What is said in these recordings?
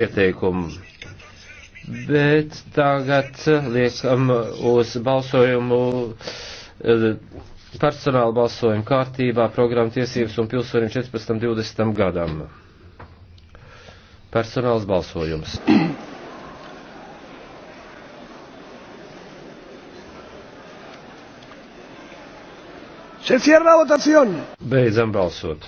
ieteikumu. Bet tagad eh, liekam uz balsojumu, eh, personāla balsojumu kārtībā programma tiesības un pilsoņiem 14.20. gadam. Personāls balsojums. Se cierra votación. Beidzam balsot.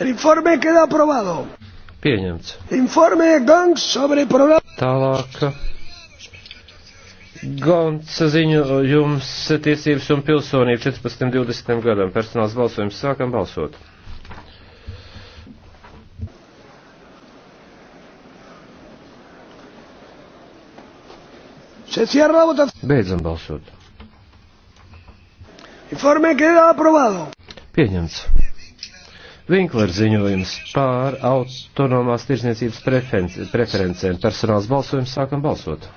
El informe queda aprobado. Pieņemts. Informe Gans sobre programmu. Tālāk. Gons ziņu jums tiesības un pilsonība 14.20. gadam. Personāls balsojums sākam balsot. Se cierra la votación. Beidzam balsot. Informe queda aprobado. Pieņemts. Vinklera ziņojums pār autonomās tirsniecības preferencēm. Personāls balsojums sākam balsot.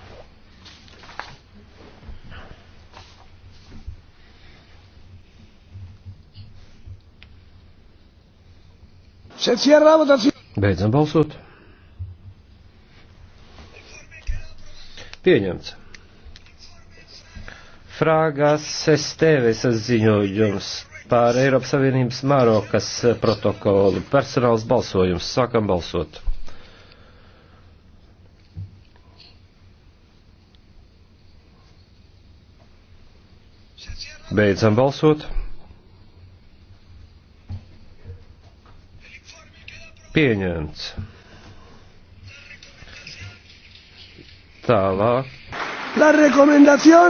Beidzam balsot. Pieņemts. Frāgās Sestēves ziņojums par Eiropas Savienības Mārokas eh, protokolu. Personāls balsojums. Sākam balsot. Beidzam balsot. Pieņemts. Tālāk. La rekomendācija.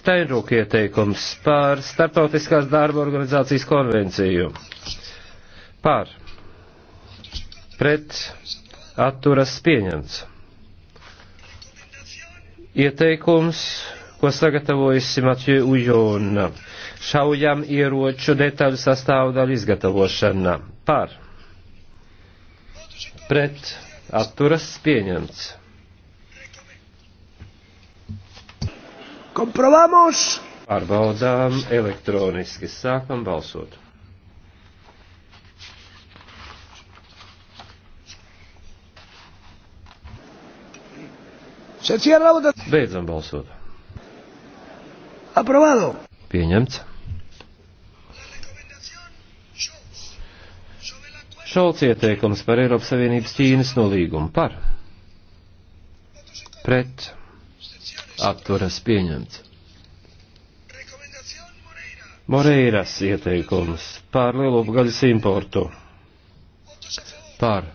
Steinrūk ieteikums par Startautiskās darba organizācijas konvenciju. Par. Pret. Atturas pieņemts. Ieteikums, ko sagatavojusi Matjē Ujona. Šaujam ieroču detaļu sastāvdaļu izgatavošana. Par. Pret. Atturas pieņemts. Komprobamos! Pārbaudām elektroniski. Sākam balsot. Beidzam balsot. Aprobado. Pieņemts. Šolts ieteikums par Eiropas Savienības Ķīnas nolīgumu par pret apturas pieņemts. Moreiras ieteikums par lielopgaļas importu. Par.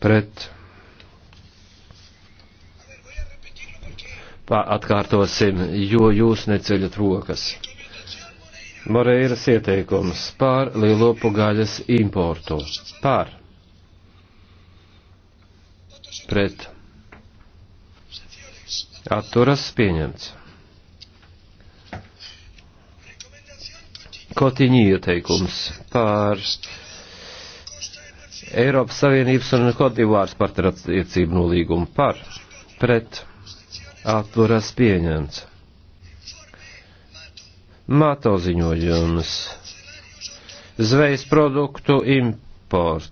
Pret. Pā, atkārtosim, jo jūs neceļat rokas. Moreiras ieteikums par lielopgaļas importu. Par. Pret atturas pieņemts. Kotiņī ieteikums par Eiropas Savienības un Kotivārs partnerattiecību nolīgumu par pret atturas pieņemts. Mato ziņojums. Zvejas produktu import.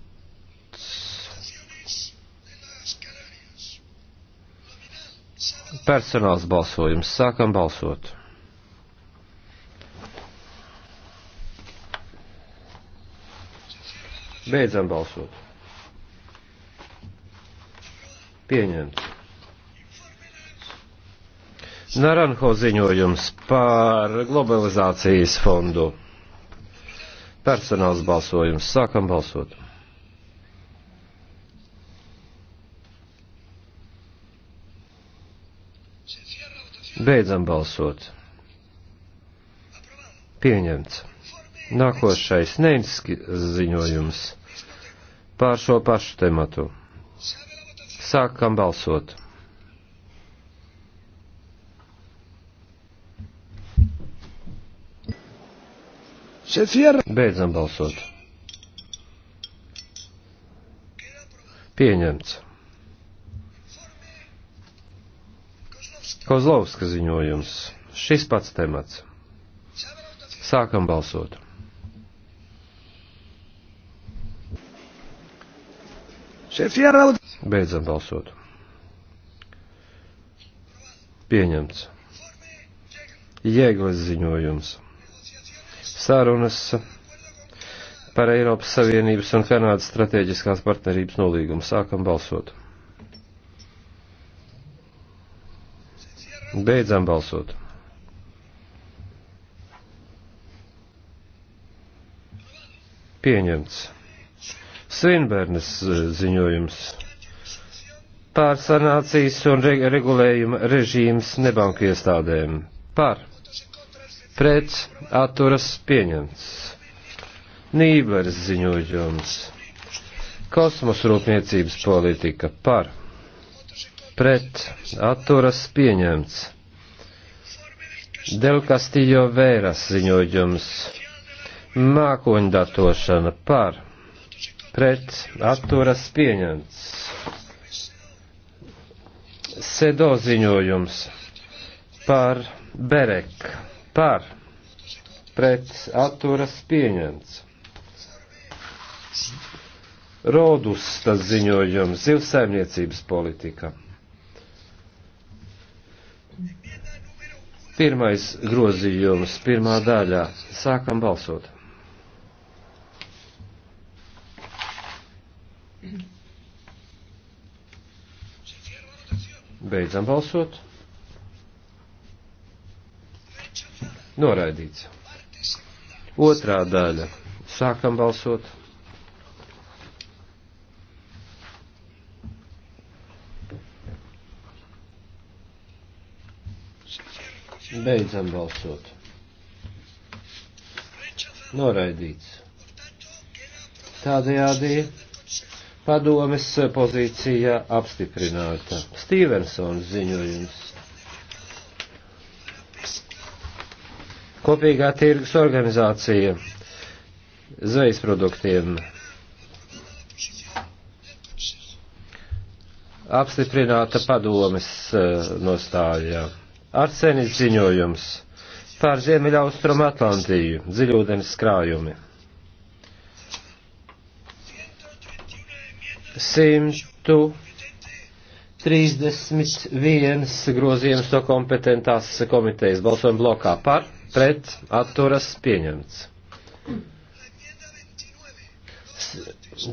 personāls balsojums. Sākam balsot. Beidzam balsot. Pieņemts. Naranho ziņojums par globalizācijas fondu. Personāls balsojums. Sākam balsot. Beidzam balsot. Pieņemts. Nākošais neinski ziņojums pār šo pašu tematu. Sākam balsot. Beidzam balsot. Pieņemts. Kozlovska ziņojums. Šis pats temats. Sākam balsot. Beidzam balsot. Pieņemts. Jēglas ziņojums. Sārunas par Eiropas Savienības un Kanādas strateģiskās partnerības nolīgumu. Sākam balsot. Beidzam balsot. Pieņemts. Svinbērnes eh, ziņojums. Pārsanācijas un re regulējuma režīms nebanku iestādēm. Par. Pret. Atturas pieņemts. Nībers ziņojums. Kosmosrūpniecības politika par pret atturas pieņemts. Del Castillo Vēras ziņojums mākoņdatošana par pret atturas pieņemts. Sedo ziņojums par Berek par pret atturas pieņemts. Rodus tas ziņojums zivsaimniecības politika. Pirmais grozījums, pirmā daļā. Sākam balsot. Beidzam balsot. Noraidīts. Otrā daļa. Sākam balsot. Beidzam balsot. Noraidīts. Tādējādi padomes pozīcija apstiprināta. Stīvensons ziņojums. Kopīgā tirgus organizācija zvejas produktiem. Apstiprināta padomes eh, nostājā. Arsenis ziņojums pār Ziemeļaustrumu Atlantiju, dziļūdens krājumi. 131 grozījums no kompetentās komitejas balsojuma blokā par, pret, atturas pieņemts.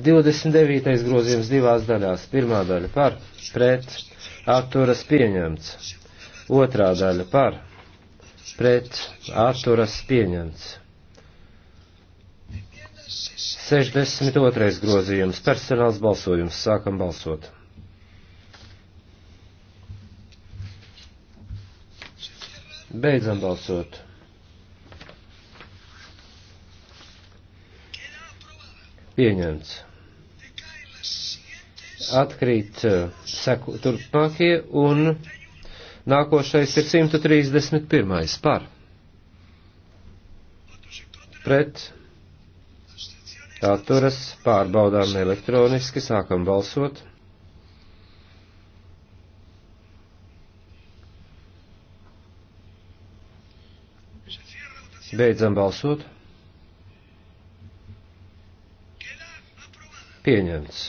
29. grozījums divās daļās. Pirmā daļa par, pret, atturas pieņemts Otrā daļa par pret atturas pieņemts. 62. grozījums personāls balsojums. Sākam balsot. Beidzam balsot. Pieņemts. Atkrīt eh, seku turpmākie un Nākošais ir 131. par. Pret. Atturas pārbaudām elektroniski, sākam balsot. Beidzam balsot. Pieņemts.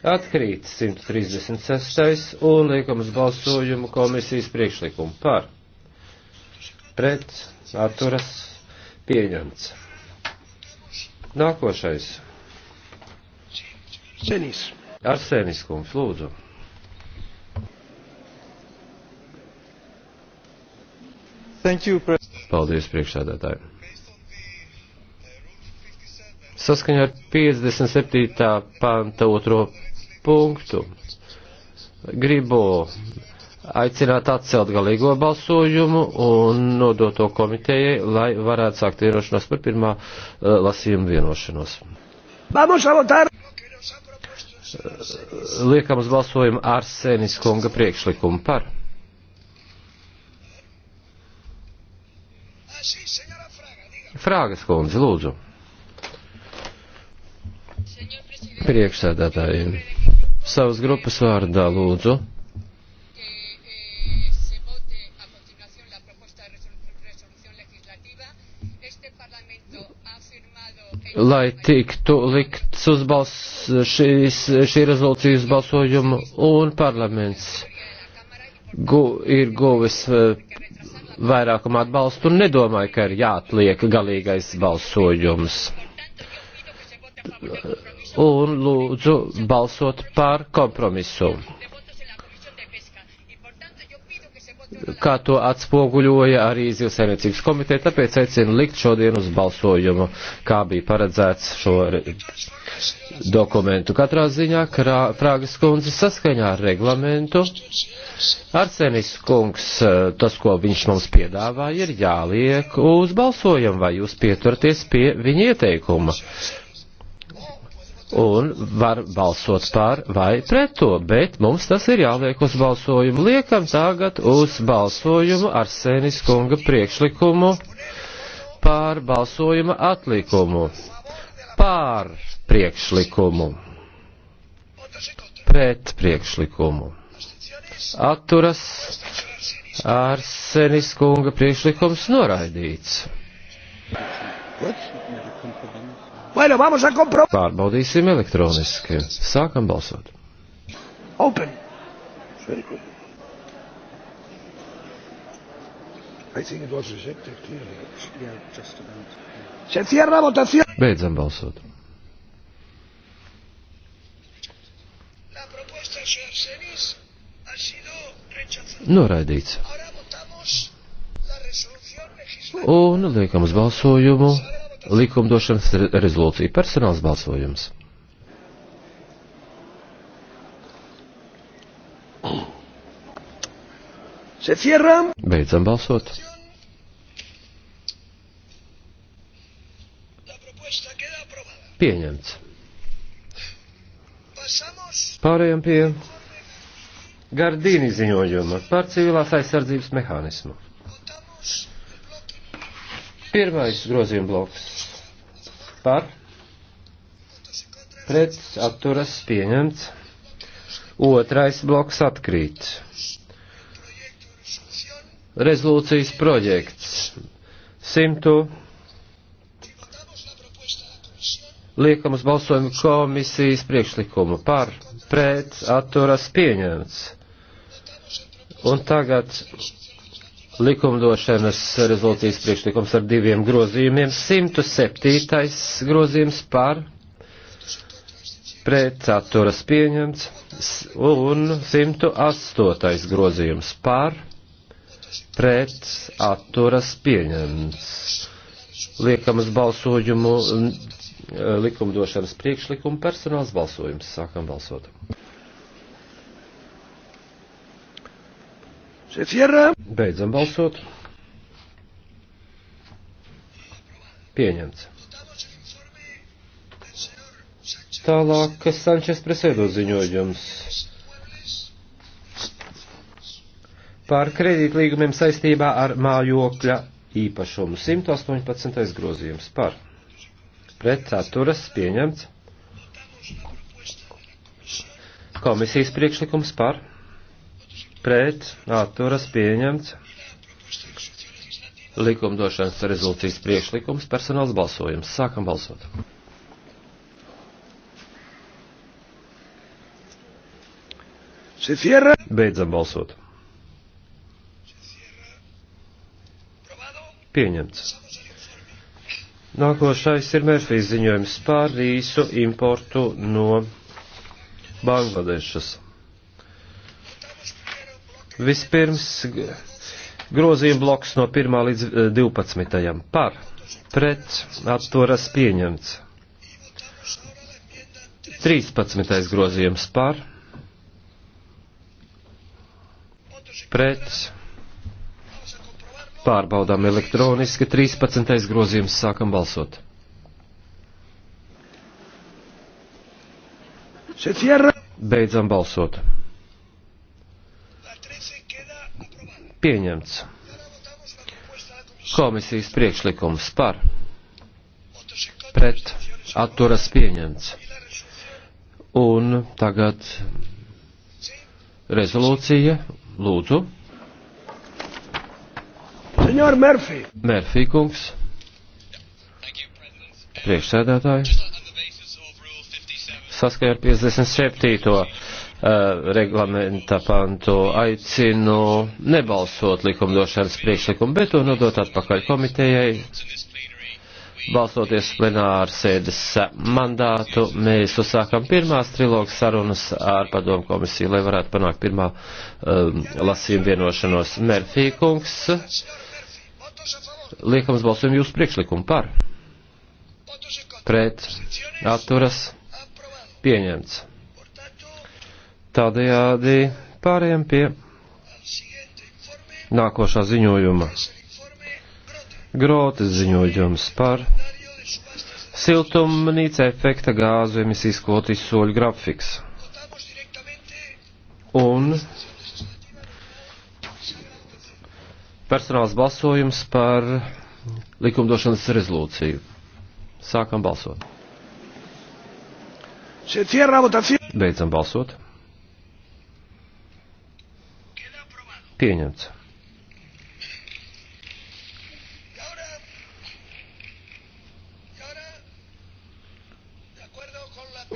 Atkrīt 136. un liekams balsojumu komisijas priekšlikumu par. Pret atturas pieņemts. Nākošais. Senis. Arsenis kungs, lūdzu. Thank you, Paldies, priekšsēdētāji. Saskaņā ar 57. panta otro punktu. Gribu aicināt atcelt galīgo balsojumu un nodot to komitejai, lai varētu sākt vienošanos par pirmā eh, lasījuma vienošanos. Liekam uz balsojumu Arsenis Konga priekšlikumu par. Frāgas kundze, lūdzu. Priekšsēdētājiem savas grupas vārdā, lūdzu. lai tiktu likts uz balss šīs, šī rezolūcija uz balsojumu, un parlaments gu, ir guvis eh, vairākumu atbalstu un nedomāju, ka ir jāatliek galīgais balsojums un lūdzu balsot par kompromisu. Kā to atspoguļoja arī Zivsainiecības komiteja, tāpēc aicinu likt šodien uz balsojumu, kā bija paredzēts šo dokumentu. Katrā ziņā krā, Prāgas kundze saskaņā ar reglamentu. Arsenis kungs, tas, ko viņš mums piedāvā, ir jāliek uz balsojumu, vai jūs pieturaties pie viņa ieteikuma un var balsot pār vai pret to, bet mums tas ir jāliek uz balsojumu. Liekam tagad uz balsojumu Arsenis kunga priekšlikumu pār balsojuma atlikumu, pār priekšlikumu, pret priekšlikumu. Atturas Arsenis kunga priekšlikums noraidīts. What? Bueno, vamos a comprobar. Pārbaudīsim elektroniski. Sākam balsot. Open. I think it was rejected clearly. Yeah, just about. Se cierra votación. Beidzam balsot. Noraidīts. Un liekam uz balsojumu likumdošanas rezolūciju. Personāls balsojums. Beidzam balsot. Pieņemts. Pārējām pie Gardīni ziņojuma par civilās aizsardzības mehānismu. Pirmais grozījuma bloks par pret atturas pieņemts. Otrais bloks atkrīt. Rezolūcijas projekts 100. Liekam uz balsojumu komisijas priekšlikumu par pret atturas pieņemts. Un tagad likumdošanas rezolūcijas priekšlikums ar diviem grozījumiem. 107. grozījums par pret atturas pieņemts un 108. grozījums par pret atturas pieņemts. Liekam uz balsojumu mm, likumdošanas priekšlikumu personāls balsojums. Sākam balsot. Beidzam balsot. Pieņemts. Tālāk Sančes presēdo ziņojums. Par kredītlīgumiem saistībā ar mājokļa īpašumu 118. grozījums par. Pret atturas pieņemts. Komisijas priekšlikums par pret atturas pieņemts likumdošanas rezolūcijas priekšlikums personāls balsojums. Sākam balsot. Beidzam balsot. Pieņemts. Nākošais ir Mērfijas ziņojums par rīsu importu no Bangladešas. Vispirms grozījuma bloks no 1 līdz 12. Eh, par pret atturas pieņemts. 13. grozījums par pret pārbaudām elektroniski 13. grozījums sākam balsot. Beidzam balsot. Pieņemts. Komisijas priekšlikums par. Pret. Atturas pieņemts. Un tagad rezolūcija. Lūdzu. Senjor Murphy. Murphy kungs. Priekšsēdētāji. Saskaņā ar 57. Eh, reglamenta pantu aicinu nebalsot likumdošanas priekšlikumu, bet to nodot atpakaļ komitejai. Balsoties plenāru sēdes mandātu, mēs uzsākam pirmās trilogas sarunas ar padomu komisiju, lai varētu panākt pirmā um, lasījuma vienošanos. Merfī kungs, liekams balsojumu jūsu priekšlikumu par. Pret. Atturas. Pieņemts. Tādējādi pāriem pie nākošā ziņojuma. Grotas ziņojums par siltumnīca efekta gāzu emisijas kvotas soļu grafiks. Un personāls balsojums par likumdošanas rezolūciju. Sākam balsot. Beidzam balsot. Pieņemts.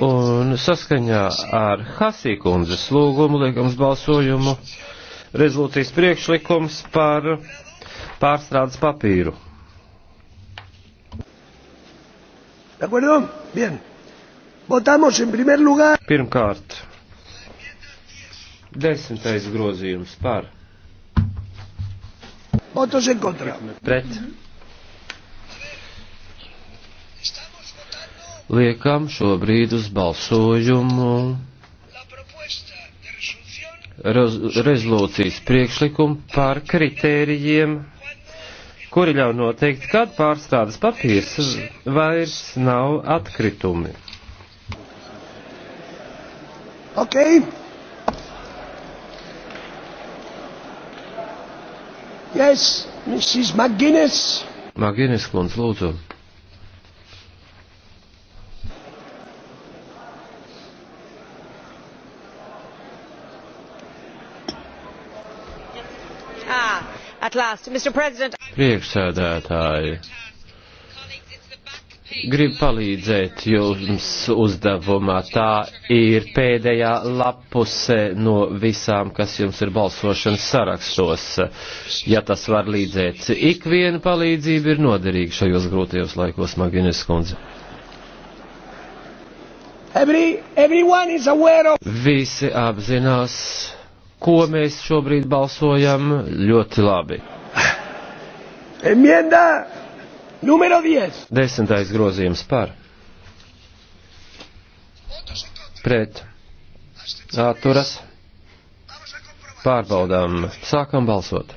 Un saskaņā ar Hasīkundzes lūgumu liekams balsojumu rezolūcijas priekšlikums par pārstrādes papīru. Pirmkārt, desmitais grozījums par Otrs ir kontrā. Pret. Liekam šobrīd uz balsojumu rezolūcijas priekšlikumu par kritērijiem, kuri ļauj noteikt, kad pārstādes papīrs vairs nav atkritumi. Okay. Yes, Mrs. McGuinness. McGuinness, kundz, lūdzu. Ah, Priekšsēdētāji, grib palīdzēt jums uzdevumā. Tā ir pēdējā lapuse no visām, kas jums ir balsošanas sarakstos, ja tas var līdzēt. Ikviena palīdzība ir noderīga šajos grūtajos laikos, Magines kundze. Every, of... Visi apzinās, ko mēs šobrīd balsojam ļoti labi. Enmienda Numero 10. Desmitais grozījums par. Pret. Atturas. Pārbaudām. Sākam balsot.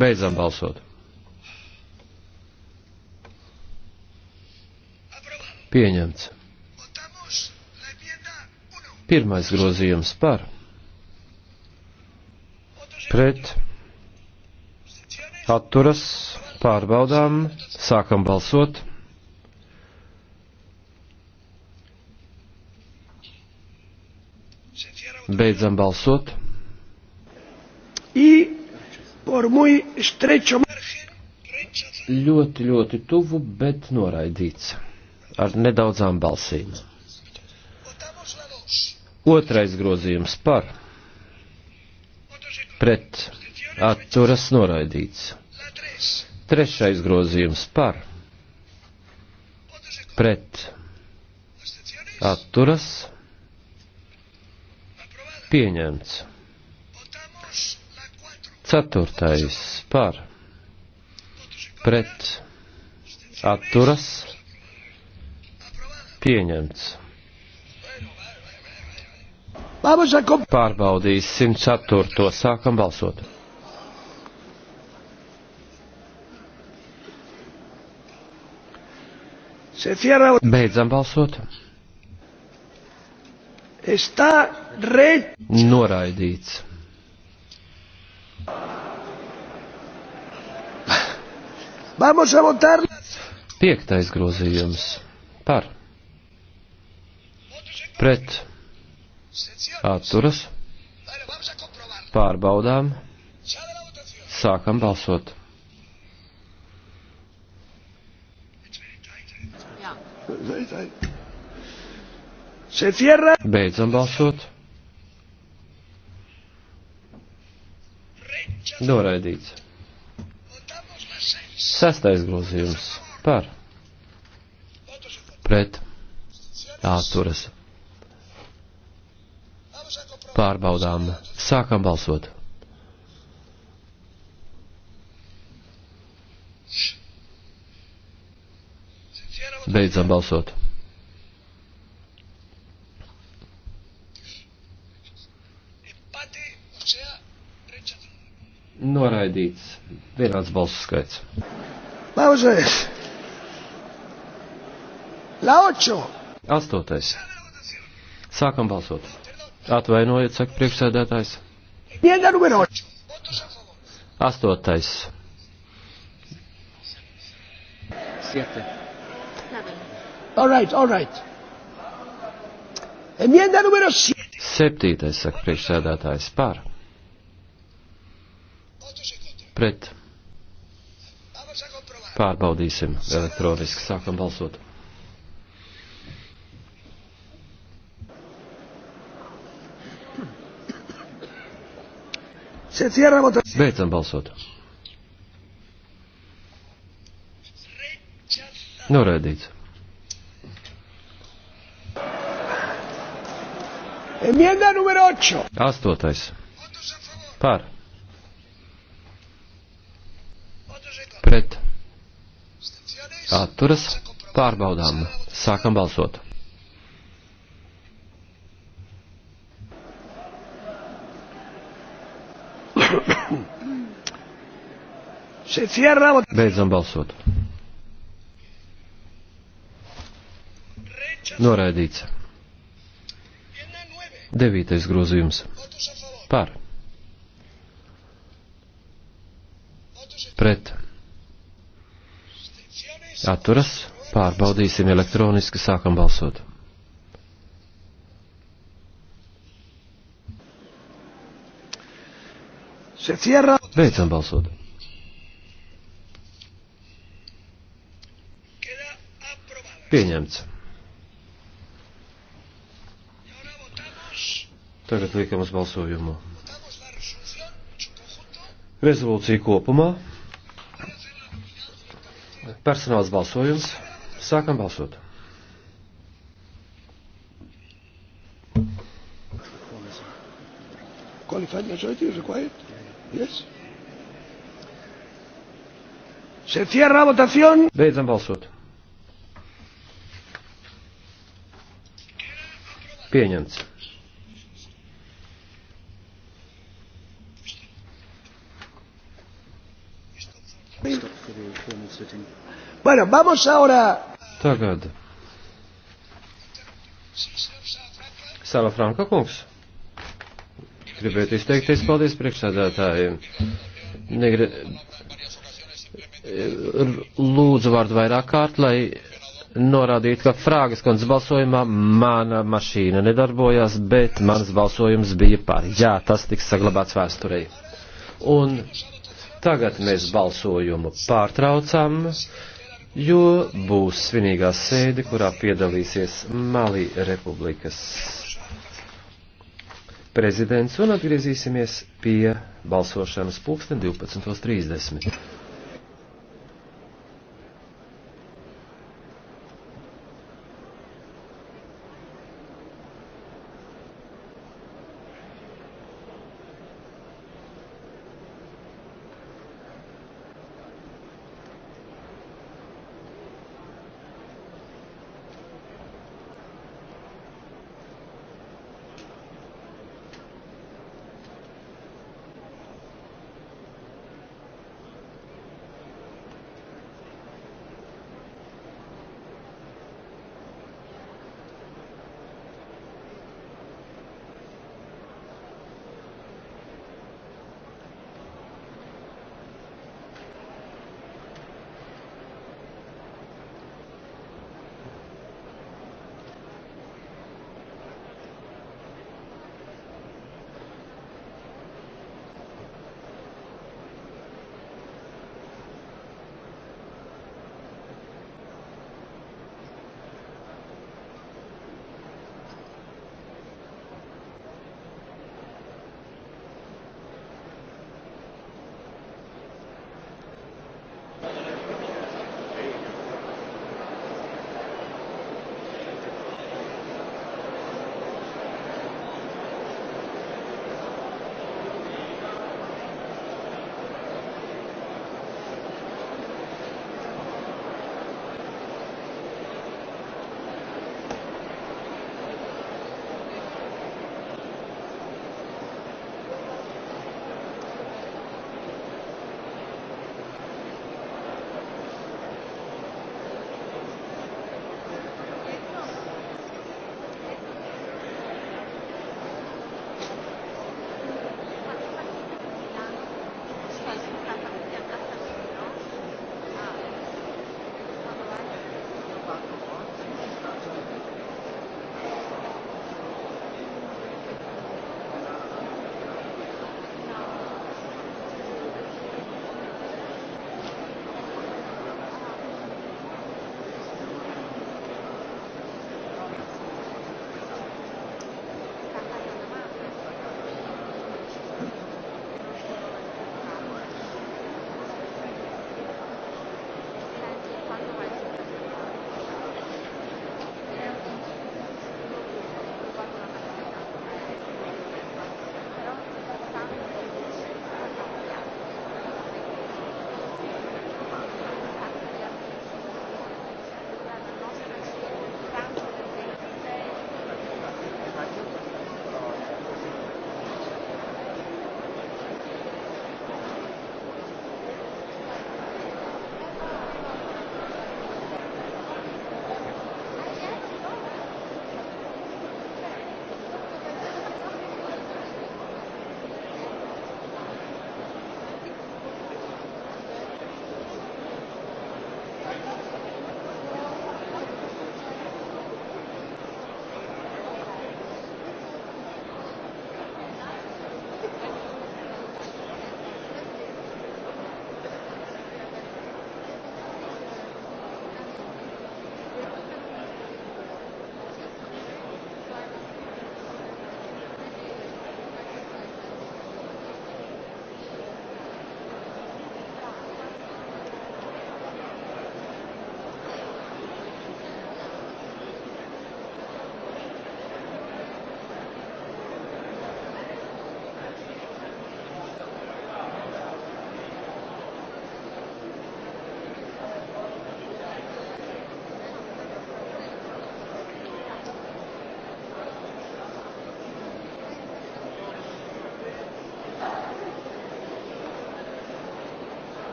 Beidzam balsot. Pieņemts. Pirmais grozījums par pret atturas pārbaudām, sākam balsot. Beidzam balsot. I por muy estrecho ļoti, ļoti tuvu, bet noraidīts ar nedaudzām balsīm. Otrais grozījums par pret atturas noraidīts. Trešais grozījums par pret atturas pieņemts. Ceturtais par pret atturas pieņemts. Pārbaudīsim 104. Sākam balsot. Beidzam balsot. Noraidīts. Vamos a votar. Piektais grozījums par pret atturas, pārbaudām, sākam balsot. Beidzam balsot. Noraidīts. Sestais grozījums par pret atturas pārbaudām. Sākam balsot. Beidzam balsot. Noraidīts vienāds balsu skaits. Pauzēs! Lauču! Astotais. Sākam balsot. Atvainojiet, saka priekšsēdētājs. Astotais. Siete. All right, all right. Enmienda número 7. Septītais, saka priekšsēdētājs, par. Pret. Pārbaudīsim elektroniski, sākam balsot. Beidzam balsot. Noraidīts. Enmienda numero 8. Astotais. Par. Pret. Atturas. Pārbaudām. Sākam balsot. Beidzam balsot. Noraidīts. Devītais grozījums. Par. Pret. Atturas. Pārbaudīsim elektroniski. Sākam balsot. Beidzam balsot. Pieņemts. Tagad liekam uz balsojumu. Rezolūcija kopumā. Personāls balsojums. Sākam balsot. Qualified majority is required? Yes. Se cierra votación. Beidzam balsot. Pieņemts. Bueno, vamos ahora. Tagad. Sala Franka kungs. Gribētu izteikties paldies priekšsādātājiem. Negri... Lūdzu vārdu vairāk kārt, lai norādīt, ka Frāgas kundzes balsojumā mana mašīna nedarbojās, bet mans balsojums bija par. Jā, tas tiks saglabāts vēsturē. Un tagad mēs balsojumu pārtraucam, jo būs svinīgā sēde, kurā piedalīsies Mali Republikas prezidents un atgriezīsimies pie balsošanas pulksten 12.30.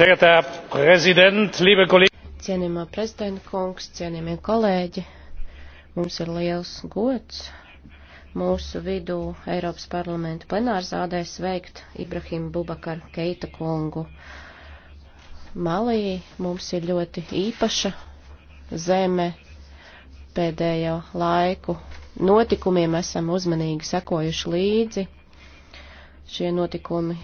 Sehr geehrter Herr Präsident, liebe Kollegen! Cienījamā prezidenta kungs, cienījamie kolēģi, mums ir liels gods mūsu vidū Eiropas parlamentu plenārzādē sveikt Ibrahim Bubakar Keita kungu. Malī mums ir ļoti īpaša zeme pēdējo laiku. Notikumiem esam uzmanīgi sekojuši līdzi. Šie notikumi